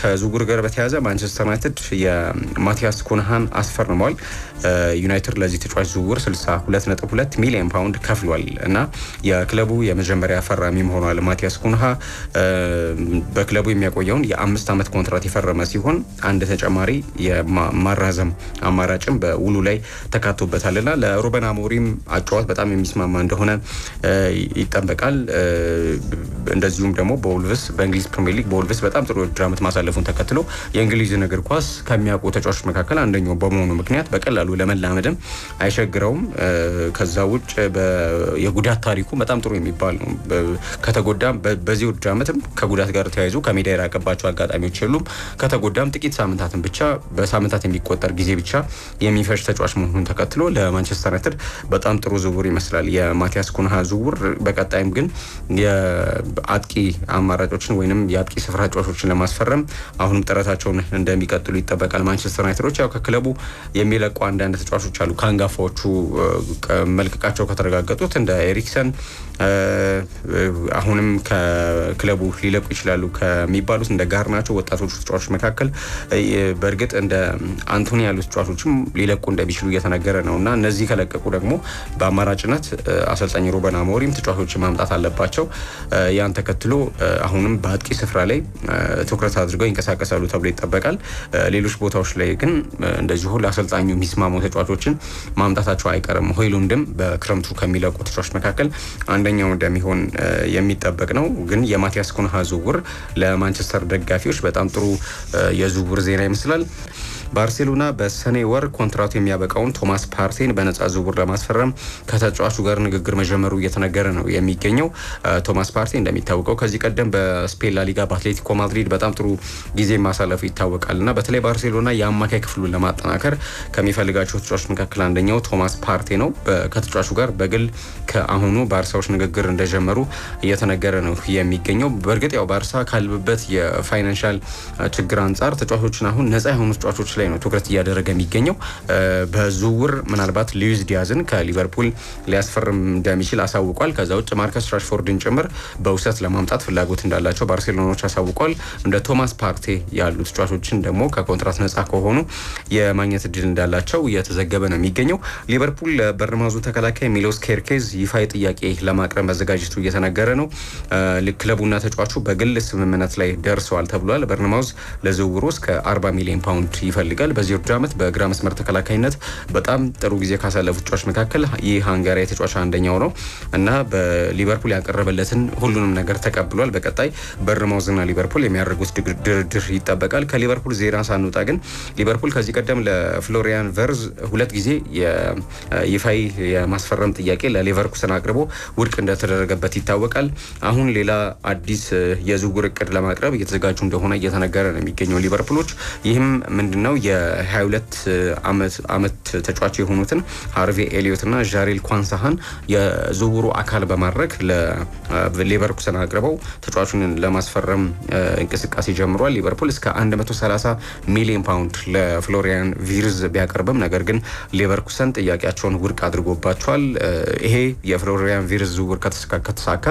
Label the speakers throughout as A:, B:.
A: ከዝውውር ጋር በተያያዘ ማንቸስተር ዩናይትድ የማቲያስ ኩንሃን አስፈርመዋል። ዩናይትድ ለዚህ ተጫዋች ዝውውር 62.2 ሚሊዮን ፓውንድ ከፍሏል እና የክለቡ የመጀመሪያ ፈራሚ ሆኗል። ማቲያስ ኩንሃ በክለቡ የሚያቆየውን የአምስት ዓመት ኮንትራት የፈረመ ሲሆን አንድ ተጨማሪ የማራዘም አማራጭም በውሉ ላይ ተካቶበታል እና ለሩበን አሞሪም አጫዋት በጣም የሚስማማ እንደሆነ ይጠበቃል። እንደዚሁም ደግሞ በወልቭስ በእንግሊዝ ፕሪሚየር ሊግ በወልቭስ በጣም ጥሩ ድራመት ማሳለፉን ተከትሎ የእንግሊዝን እግር ኳስ ከሚያውቁ ተጫዋቾች መካከል አንደኛው በመሆኑ ምክንያት በቀላሉ ለመላመድም አይቸግረውም። ከዛ ውጭ የጉዳት ታሪኩ በጣም ጥሩ የሚባል ነው። ከተጎዳ በዚህ ውድድር ዓመትም ከጉዳት ጋር ተያይዞ ከሜዳ የራቀባቸው አጋጣሚዎች የሉም። ከተጎዳም ጥቂት ሳምንታትን ብቻ በሳምንታት የሚቆጠር ጊዜ ብቻ የሚፈጅ ተጫዋች መሆኑን ተከትሎ ለማንቸስተር ዩናይትድ በጣም ጥሩ ዝውውር ይመስላል የማቲያስ ኩንሃ ዝውውር። በቀጣይም ግን የአጥቂ አማራጮችን ወይም የአጥቂ ስፍራ ተጫዋቾችን ለማስፈረም አልነበረም። አሁንም ጥረታቸውን እንደሚቀጥሉ ይጠበቃል። ማንቸስተር ዩናይትዶች ያው ከክለቡ የሚለቁ አንዳንድ ተጫዋቾች አሉ። ከአንጋፋዎቹ መልቀቃቸው ከተረጋገጡት እንደ ኤሪክሰን አሁንም ከክለቡ ሊለቁ ይችላሉ ከሚባሉት እንደ ጋር ናቸው ወጣቶቹ ተጫዋቾች መካከል በእርግጥ እንደ አንቶኒ ያሉ ተጫዋቾችም ሊለቁ እንደሚችሉ እየተነገረ ነው እና እነዚህ ከለቀቁ ደግሞ በአማራጭነት አሰልጣኝ ሩበን አሞሪም ተጫዋቾች ማምጣት አለባቸው። ያን ተከትሎ አሁንም በአጥቂ ስፍራ ላይ ትኩረት አድርገው ይንቀሳቀሳሉ ተብሎ ይጠበቃል። ሌሎች ቦታዎች ላይ ግን እንደዚሁ ለአሰልጣኙ የሚስማሙ ተጫዋቾችን ማምጣታቸው አይቀርም። ሆይሉንድም በክረምቱ ከሚለቁ ተጫዋች መካከል አንደኛው እንደሚሆን የሚጠበቅ ነው። ግን የማቲያስ ኩንሃ ዝውውር ለማንቸስተር ደጋፊዎች በጣም ጥሩ የዝውውር ዜና ይመስላል። ባርሴሎና በሰኔ ወር ኮንትራቱ የሚያበቃውን ቶማስ ፓርቴን በነፃ ዝውውር ለማስፈረም ከተጫዋቹ ጋር ንግግር መጀመሩ እየተነገረ ነው የሚገኘው። ቶማስ ፓርቴ እንደሚታወቀው ከዚህ ቀደም በስፔን ላሊጋ በአትሌቲኮ ማድሪድ በጣም ጥሩ ጊዜ ማሳለፉ ይታወቃል እና በተለይ ባርሴሎና የአማካይ ክፍሉን ለማጠናከር ከሚፈልጋቸው ተጫዋች መካከል አንደኛው ቶማስ ፓርቴ ነው። ከተጫዋቹ ጋር በግል ከአሁኑ ባርሳዎች ንግግር እንደጀመሩ እየተነገረ ነው የሚገኘው። በእርግጥ ያው ባርሳ ካልብበት የፋይናንሻል ችግር አንጻር ተጫዋቾችን አሁን ነፃ የሆኑ ተጫዋቾች ላይ ላይ ነው ትኩረት እያደረገ የሚገኘው። በዝውውር ምናልባት ሉዊስ ዲያዝን ከሊቨርፑል ሊያስፈርም እንደሚችል አሳውቋል። ከዛ ውጭ ማርከስ ራሽፎርድን ጭምር በውሰት ለማምጣት ፍላጎት እንዳላቸው ባርሴሎናዎች አሳውቋል። እንደ ቶማስ ፓርቴ ያሉ ተጫዋቾችን ደግሞ ከኮንትራት ነጻ ከሆኑ የማግኘት እድል እንዳላቸው እየተዘገበ ነው የሚገኘው። ሊቨርፑል ለበርማዙ ተከላካይ ሚሎስ ኬርኬዝ ይፋዊ ጥያቄ ለማቅረብ መዘጋጀቱ እየተነገረ ነው። ክለቡና ተጫዋቹ በግል ስምምነት ላይ ደርሰዋል ተብሏል። በርንማውዝ ለዝውውሩ እስከ 40 ሚሊዮን ፓውንድ ይፈልጋል። ይፈልጋል። በዚህ ውድድር ዓመት በግራ መስመር ተከላካይነት በጣም ጥሩ ጊዜ ካሳለፉ ተጫዋች መካከል ይህ ሃንጋሪያዊ ተጫዋች አንደኛው ነው እና በሊቨርፑል ያቀረበለትን ሁሉንም ነገር ተቀብሏል። በቀጣይ በርማውዝና ሊቨርፑል የሚያደርጉት ድርድር ይጠበቃል። ከሊቨርፑል ዜና ሳንወጣ ግን ሊቨርፑል ከዚህ ቀደም ለፍሎሪያን ቨርዝ ሁለት ጊዜ ይፋይ የማስፈረም ጥያቄ ለሌቨርኩሰን አቅርቦ ውድቅ እንደተደረገበት ይታወቃል። አሁን ሌላ አዲስ የዝውውር እቅድ ለማቅረብ እየተዘጋጁ እንደሆነ እየተነገረ ነው የሚገኘው ሊቨርፑሎች ይህም ነው? የ22 ዓመት ተጫዋች የሆኑትን ሃርቬ ኤሊዮትና ዣሬል ኳንሳሃን የዝውውሩ አካል በማድረግ ለሌቨርኩሰን አቅርበው ተጫዋቹን ለማስፈረም እንቅስቃሴ ጀምሯል። ሊቨርፑል እስከ 130 ሚሊዮን ፓውንድ ለፍሎሪያን ቪርዝ ቢያቀርብም ነገር ግን ሌቨርኩሰን ጥያቄያቸውን ውድቅ አድርጎባቸዋል። ይሄ የፍሎሪያን ቪርዝ ዝውውር ከተሳካ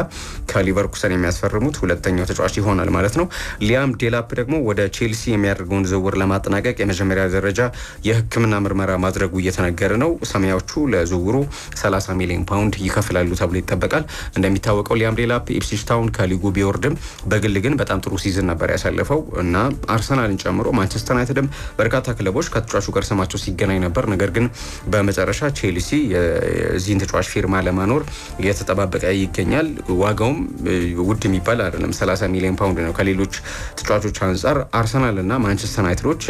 A: ከሊቨርኩሰን የሚያስፈርሙት ሁለተኛው ተጫዋች ይሆናል ማለት ነው። ሊያም ዴላፕ ደግሞ ወደ ቼልሲ የሚያደርገውን ዝውውር ለማጠናቀቅ በመጀመሪያ ደረጃ የሕክምና ምርመራ ማድረጉ እየተነገረ ነው። ሰማያዎቹ ለዝውውሩ 30 ሚሊዮን ፓውንድ ይከፍላሉ ተብሎ ይጠበቃል። እንደሚታወቀው ሊያም ዴላፕ ኢፕስዊች ታውን ከሊጉ ቢወርድም በግል ግን በጣም ጥሩ ሲዝን ነበር ያሳለፈው እና አርሰናልን ጨምሮ ማንቸስተር ዩናይትድም በርካታ ክለቦች ከተጫዋቹ ጋር ስማቸው ሲገናኝ ነበር። ነገር ግን በመጨረሻ ቼልሲ የዚህን ተጫዋች ፊርማ ለማኖር እየተጠባበቀ ይገኛል። ዋጋውም ውድ የሚባል አይደለም፣ 30 ሚሊዮን ፓውንድ ነው። ከሌሎች ተጫዋቾች አንጻር አርሰናልና ማንቸስተር ዩናይትዶች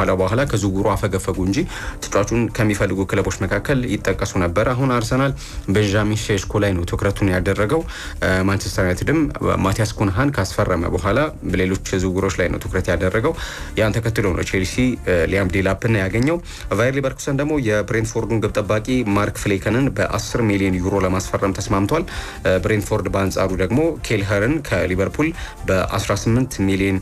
A: በኋላ በኋላ ከዝውውሩ አፈገፈጉ እንጂ ተጫዋቹን ከሚፈልጉ ክለቦች መካከል ይጠቀሱ ነበር። አሁን አርሰናል ቤንጃሚን ሼሽኮ ላይ ነው ትኩረቱን ያደረገው። ማንቸስተር ዩናይትድም ማቲያስ ኩንሃን ካስፈረመ በኋላ ሌሎች ዝውውሮች ላይ ነው ትኩረት ያደረገው። ያን ተከትሎ ነው ቼልሲ ሊያም ዴላፕን ያገኘው። ቫየር ሊቨርኩሰን ደግሞ የብሬንትፎርዱን ግብ ጠባቂ ማርክ ፍሌከንን በ10 ሚሊዮን ዩሮ ለማስፈረም ተስማምቷል። ብሬንትፎርድ በአንጻሩ ደግሞ ኬልኸርን ከሊቨርፑል በ18 ሚሊዮን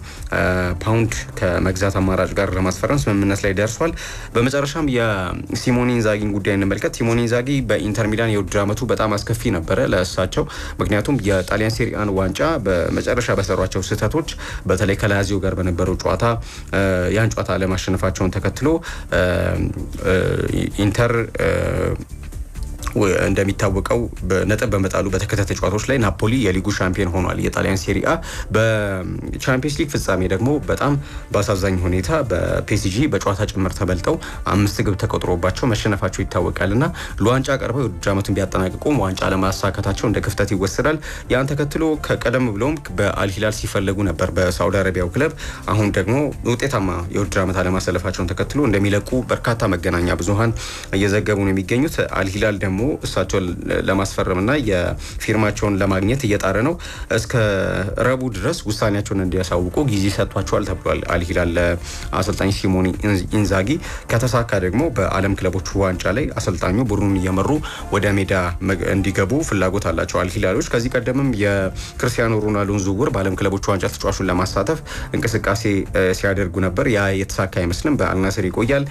A: ፓውንድ ከመግዛት አማራጭ ጋር ለማስፈረም ሞከረን፣ ስምምነት ላይ ደርሷል። በመጨረሻም የሲሞኔ ኢንዛጊን ጉዳይ እንመልከት። ሲሞኒ ኢንዛጊ በኢንተር ሚላን የውድድር አመቱ በጣም አስከፊ ነበረ ለእሳቸው። ምክንያቱም የጣሊያን ሴሪአን ዋንጫ በመጨረሻ በሰሯቸው ስህተቶች፣ በተለይ ከላዚዮ ጋር በነበረው ጨዋታ ያን ጨዋታ አለማሸነፋቸውን ተከትሎ ኢንተር እንደሚታወቀው ነጥብ በመጣሉ በተከታታይ ጨዋታዎች ላይ ናፖሊ የሊጉ ሻምፒዮን ሆኗል። የጣሊያን ሴሪአ በቻምፒየንስ ሊግ ፍጻሜ ደግሞ በጣም በአሳዛኝ ሁኔታ በፒሲጂ በጨዋታ ጭምር ተበልጠው አምስት ግብ ተቆጥሮባቸው መሸነፋቸው ይታወቃል እና ለዋንጫ ቀርበው የውድድር ዓመቱን ቢያጠናቅቁም ዋንጫ ለማሳካታቸው እንደ ክፍተት ይወሰዳል። ያን ተከትሎ ከቀደም ብለውም በአልሂላል ሲፈለጉ ነበር በሳውዲ አረቢያው ክለብ። አሁን ደግሞ ውጤታማ የውድድር ዓመት አለማሰለፋቸውን ተከትሎ እንደሚለቁ በርካታ መገናኛ ብዙሀን እየዘገቡ ነው የሚገኙት። አልሂላል ደግሞ ደግሞ እሳቸውን ለማስፈረምና የፊርማቸውን ለማግኘት እየጣረ ነው። እስከ ረቡዕ ድረስ ውሳኔያቸውን እንዲያሳውቁ ጊዜ ሰጥቷቸዋል ተብሏል። አልሂላል ለአሰልጣኝ ሲሞኒ ኢንዛጊ ከተሳካ ደግሞ በዓለም ክለቦች ዋንጫ ላይ አሰልጣኙ ቡድኑን እየመሩ ወደ ሜዳ እንዲገቡ ፍላጎት አላቸው አልሂላሎች። ከዚህ ቀደምም የክርስቲያኖ ሮናልዶን ዝውውር በዓለም ክለቦች ዋንጫ ተጫዋቹን ለማሳተፍ እንቅስቃሴ ሲያደርጉ ነበር። ያ የተሳካ አይመስልም። በአልናስር ይቆያል።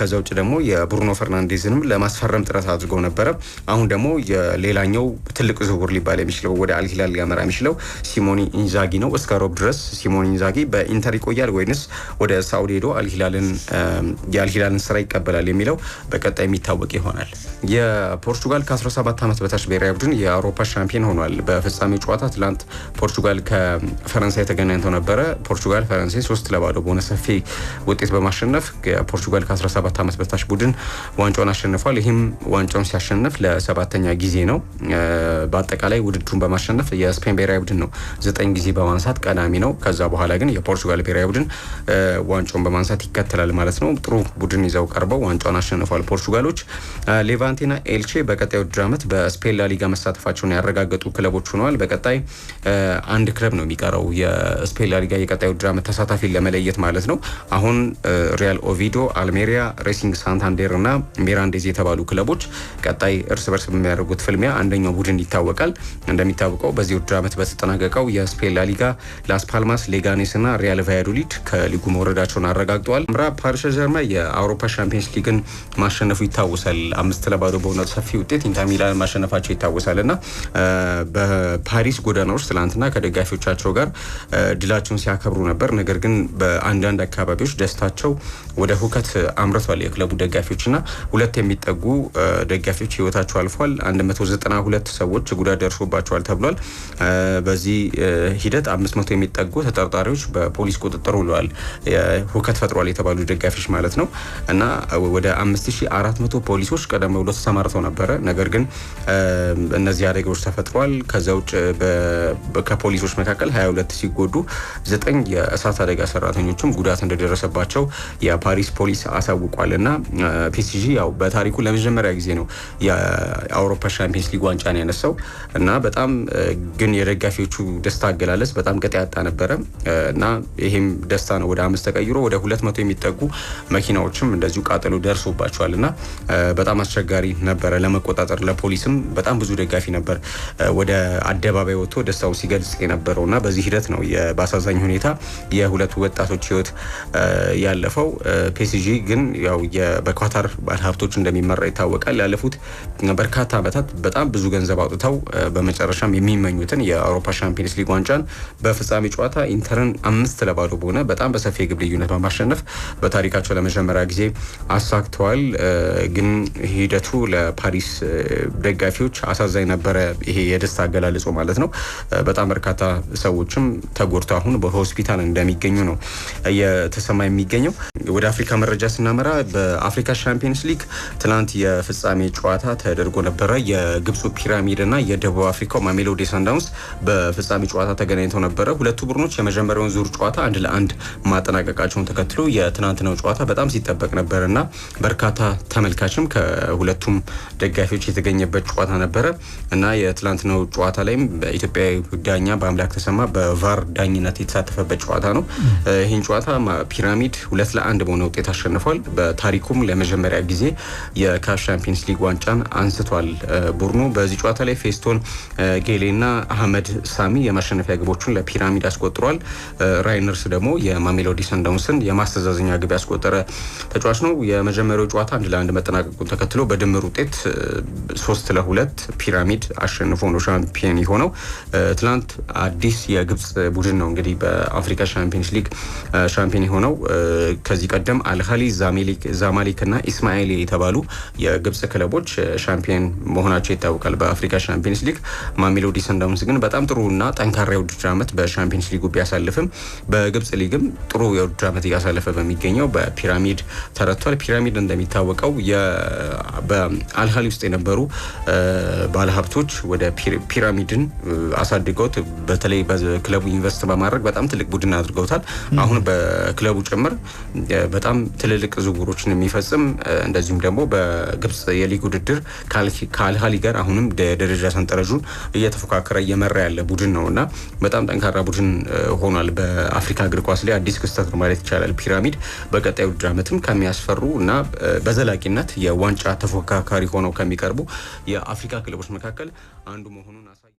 A: ከዛ ውጭ ደግሞ የብሩኖ ፈርናንዴዝንም ለማስፈረም ጥረት አድርገው ነበር። ነበረ። አሁን ደግሞ የሌላኛው ትልቅ ዝውውር ሊባል የሚችለው ወደ አልሂላል ሊያመራ የሚችለው ሲሞኒ ኢንዛጊ ነው። እስከ ሮብ ድረስ ሲሞኒ ኢንዛጊ በኢንተር ይቆያል ወይንስ ወደ ሳውዲ ሄዶ የአልሂላልን ስራ ይቀበላል የሚለው በቀጣይ የሚታወቅ ይሆናል። የፖርቹጋል ከ17 ዓመት በታች ብሔራዊ ቡድን የአውሮፓ ሻምፒዮን ሆኗል። በፍጻሜ ጨዋታ ትላንት ፖርቹጋል ከፈረንሳይ ተገናኝተው ነበረ። ፖርቱጋል ፈረንሳይ ሶስት ለባዶ በሆነ ሰፊ ውጤት በማሸነፍ የፖርቹጋል ከ17 ዓመት በታች ቡድን ዋንጫውን አሸንፏል። ይህም ዋንጫውን ሲያሸ በማሸነፍ ለሰባተኛ ጊዜ ነው። በአጠቃላይ ውድድሩን በማሸነፍ የስፔን ብሔራዊ ቡድን ነው ዘጠኝ ጊዜ በማንሳት ቀዳሚ ነው። ከዛ በኋላ ግን የፖርቹጋል ብሔራዊ ቡድን ዋንጫውን በማንሳት ይከተላል ማለት ነው። ጥሩ ቡድን ይዘው ቀርበው ዋንጫውን አሸንፏል ፖርቱጋሎች ሌቫንቴና ኤልቼ በቀጣይ ውድድር ዓመት በስፔን ላሊጋ መሳተፋቸውን ያረጋገጡ ክለቦች ሆነዋል። በቀጣይ አንድ ክለብ ነው የሚቀረው የስፔን ላሊጋ የቀጣይ ውድድር ዓመት ተሳታፊ ለመለየት ማለት ነው። አሁን ሪያል ኦቪዶ፣ አልሜሪያ፣ ሬሲንግ ሳንታንዴር እና ሚራንዴዝ የተባሉ ክለቦች በቀጣይ እርስ በርስ በሚያደርጉት ፍልሚያ አንደኛው ቡድን ይታወቃል። እንደሚታወቀው በዚህ ውድድር ዓመት በተጠናቀቀው የስፔን ላሊጋ ላስ ፓልማስ፣ ሌጋኔስ ና ሪያል ቫያዶሊድ ከሊጉ መውረዳቸውን አረጋግጠዋል። ምራ ፓሪስ ጀርማ የአውሮፓ ሻምፒየንስ ሊግን ማሸነፉ ይታወሳል። አምስት ለባዶ በሆነ ሰፊ ውጤት ኢንተር ሚላን ማሸነፋቸው ይታወሳል ና በፓሪስ ጎዳናዎች ትላንትና ከደጋፊዎቻቸው ጋር ድላቸውን ሲያከብሩ ነበር። ነገር ግን በአንዳንድ አካባቢዎች ደስታቸው ወደ ሁከት አምርቷል። የክለቡ ደጋፊዎች ና ሁለት የሚጠጉ ደጋፊዎች ሰዎች ህይወታቸው አልፏል። 192 ሰዎች ጉዳት ደርሶባቸዋል ተብሏል። በዚህ ሂደት 500 የሚጠጉ ተጠርጣሪዎች በፖሊስ ቁጥጥር ውለዋል። ሁከት ፈጥሯል የተባሉ ደጋፊዎች ማለት ነው እና ወደ 5400 ፖሊሶች ቀደም ብሎ ተሰማርተው ነበረ። ነገር ግን እነዚህ አደጋዎች ተፈጥሯል። ከዛ ውጭ ከፖሊሶች መካከል 22 ሲጎዱ ዘጠኝ የእሳት አደጋ ሰራተኞችም ጉዳት እንደደረሰባቸው የፓሪስ ፖሊስ አሳውቋል እና ፒሲጂ ያው በታሪኩ ለመጀመሪያ ጊዜ ነው የአውሮፓ ሻምፒየንስ ሊግ ዋንጫን ያነሳው እና በጣም ግን የደጋፊዎቹ ደስታ አገላለጽ በጣም ቅጥ ያጣ ነበረ እና ይሄም ደስታ ነው ወደ አምስት ተቀይሮ ወደ ሁለት መቶ የሚጠጉ መኪናዎችም እንደዚሁ ቃጠሎ ደርሶባቸዋል እና በጣም አስቸጋሪ ነበረ ለመቆጣጠር ለፖሊስም በጣም ብዙ ደጋፊ ነበር ወደ አደባባይ ወጥቶ ደስታውን ሲገልጽ የነበረው እና በዚህ ሂደት ነው በአሳዛኝ ሁኔታ የሁለቱ ወጣቶች ህይወት ያለፈው ፔሲጂ ግን ያው በኳታር ባለሀብቶች እንደሚመራ ይታወቃል ያለፉት በርካታ ዓመታት በጣም ብዙ ገንዘብ አውጥተው በመጨረሻም የሚመኙትን የአውሮፓ ሻምፒየንስ ሊግ ዋንጫን በፍጻሜ ጨዋታ ኢንተርን አምስት ለባዶ በሆነ በጣም በሰፊ የግብ ልዩነት በማሸነፍ በታሪካቸው ለመጀመሪያ ጊዜ አሳክተዋል። ግን ሂደቱ ለፓሪስ ደጋፊዎች አሳዛኝ ነበረ። ይሄ የደስታ አገላለጹ ማለት ነው። በጣም በርካታ ሰዎችም ተጎድተው አሁን በሆስፒታል እንደሚገኙ ነው እየተሰማ የሚገኘው። ወደ አፍሪካ መረጃ ስናመራ በአፍሪካ ሻምፒየንስ ሊግ ትናንት የፍጻሜ ጨዋታ ጨዋታ ተደርጎ ነበረ። የግብፁ ፒራሚድና የደቡብ አፍሪካው ማሜሎዲ ሰንዳውንስ በፍጻሜ ጨዋታ ተገናኝተው ነበረ። ሁለቱ ቡድኖች የመጀመሪያውን ዙር ጨዋታ አንድ ለአንድ ማጠናቀቃቸውን ተከትሎ የትናንትናው ጨዋታ በጣም ሲጠበቅ ነበረና በርካታ ተመልካችም ከሁለቱም ደጋፊዎች የተገኘበት ጨዋታ ነበረ እና የትናንትናው ጨዋታ ላይም ኢትዮጵያዊ ዳኛ በአምላክ ተሰማ በቫር ዳኝነት የተሳተፈበት ጨዋታ ነው። ይህን ጨዋታ ፒራሚድ ሁለት ለአንድ በሆነ ውጤት አሸንፏል። በታሪኩም ለመጀመሪያ ጊዜ የካፍ ሻምፒየንስ ሊግ ዋንጫ ዋንጫን አንስቷል። ቡድኑ በዚህ ጨዋታ ላይ ፌስቶን ጌሌና አህመድ ሳሚ የማሸነፊያ ግቦቹን ለፒራሚድ አስቆጥሯል። ራይነርስ ደግሞ የማሜሎዲ ሰንዳውንስን የማስተዛዘኛ ግብ ያስቆጠረ ተጫዋች ነው። የመጀመሪያው ጨዋታ አንድ ለአንድ መጠናቀቁን ተከትሎ በድምር ውጤት ሶስት ለሁለት ፒራሚድ አሸንፎ ነው ሻምፒየን የሆነው። ትናንት አዲስ የግብጽ ቡድን ነው እንግዲህ በአፍሪካ ሻምፒየንስ ሊግ ሻምፒየን የሆነው ከዚህ ቀደም አልሀሊ ዛማሊክ እና ኢስማኤል የተባሉ የግብጽ ክለቦች ሻምፒዮን መሆናቸው ይታወቃል በአፍሪካ ሻምፒዮንስ ሊግ። ማሜሎዲ ሰንዳውንስ ግን በጣም እና ጠንካራ የውድድር ዓመት በሻምፒዮንስ ሊጉ ቢያሳልፍም በግብጽ ሊግም ጥሩ የውድድር ዓመት እያሳለፈ በሚገኘው በፒራሚድ ተረቷል። ፒራሚድ እንደሚታወቀው በአልሃሊ ውስጥ የነበሩ ባለሀብቶች ወደ ፒራሚድን አሳድገውት በተለይ በክለቡ ኢንቨስት በማድረግ በጣም ትልቅ ቡድን አድርገውታል። አሁን በክለቡ ጭምር በጣም ትልልቅ ዝውውሮችን የሚፈጽም እንደዚሁም ደግሞ በግብጽ የሊግ ውድድር ድርድር ከአልሃሊ ጋር አሁንም ደረጃ ሰንጠረዡን እየተፎካከረ እየመራ ያለ ቡድን ነው እና በጣም ጠንካራ ቡድን ሆኗል። በአፍሪካ እግር ኳስ ላይ አዲስ ክስተት ነው ማለት ይቻላል። ፒራሚድ በቀጣይ ውድድር ዓመትም ከሚያስፈሩ እና በዘላቂነት የዋንጫ ተፎካካሪ ሆነው ከሚቀርቡ የአፍሪካ ክለቦች መካከል አንዱ መሆኑን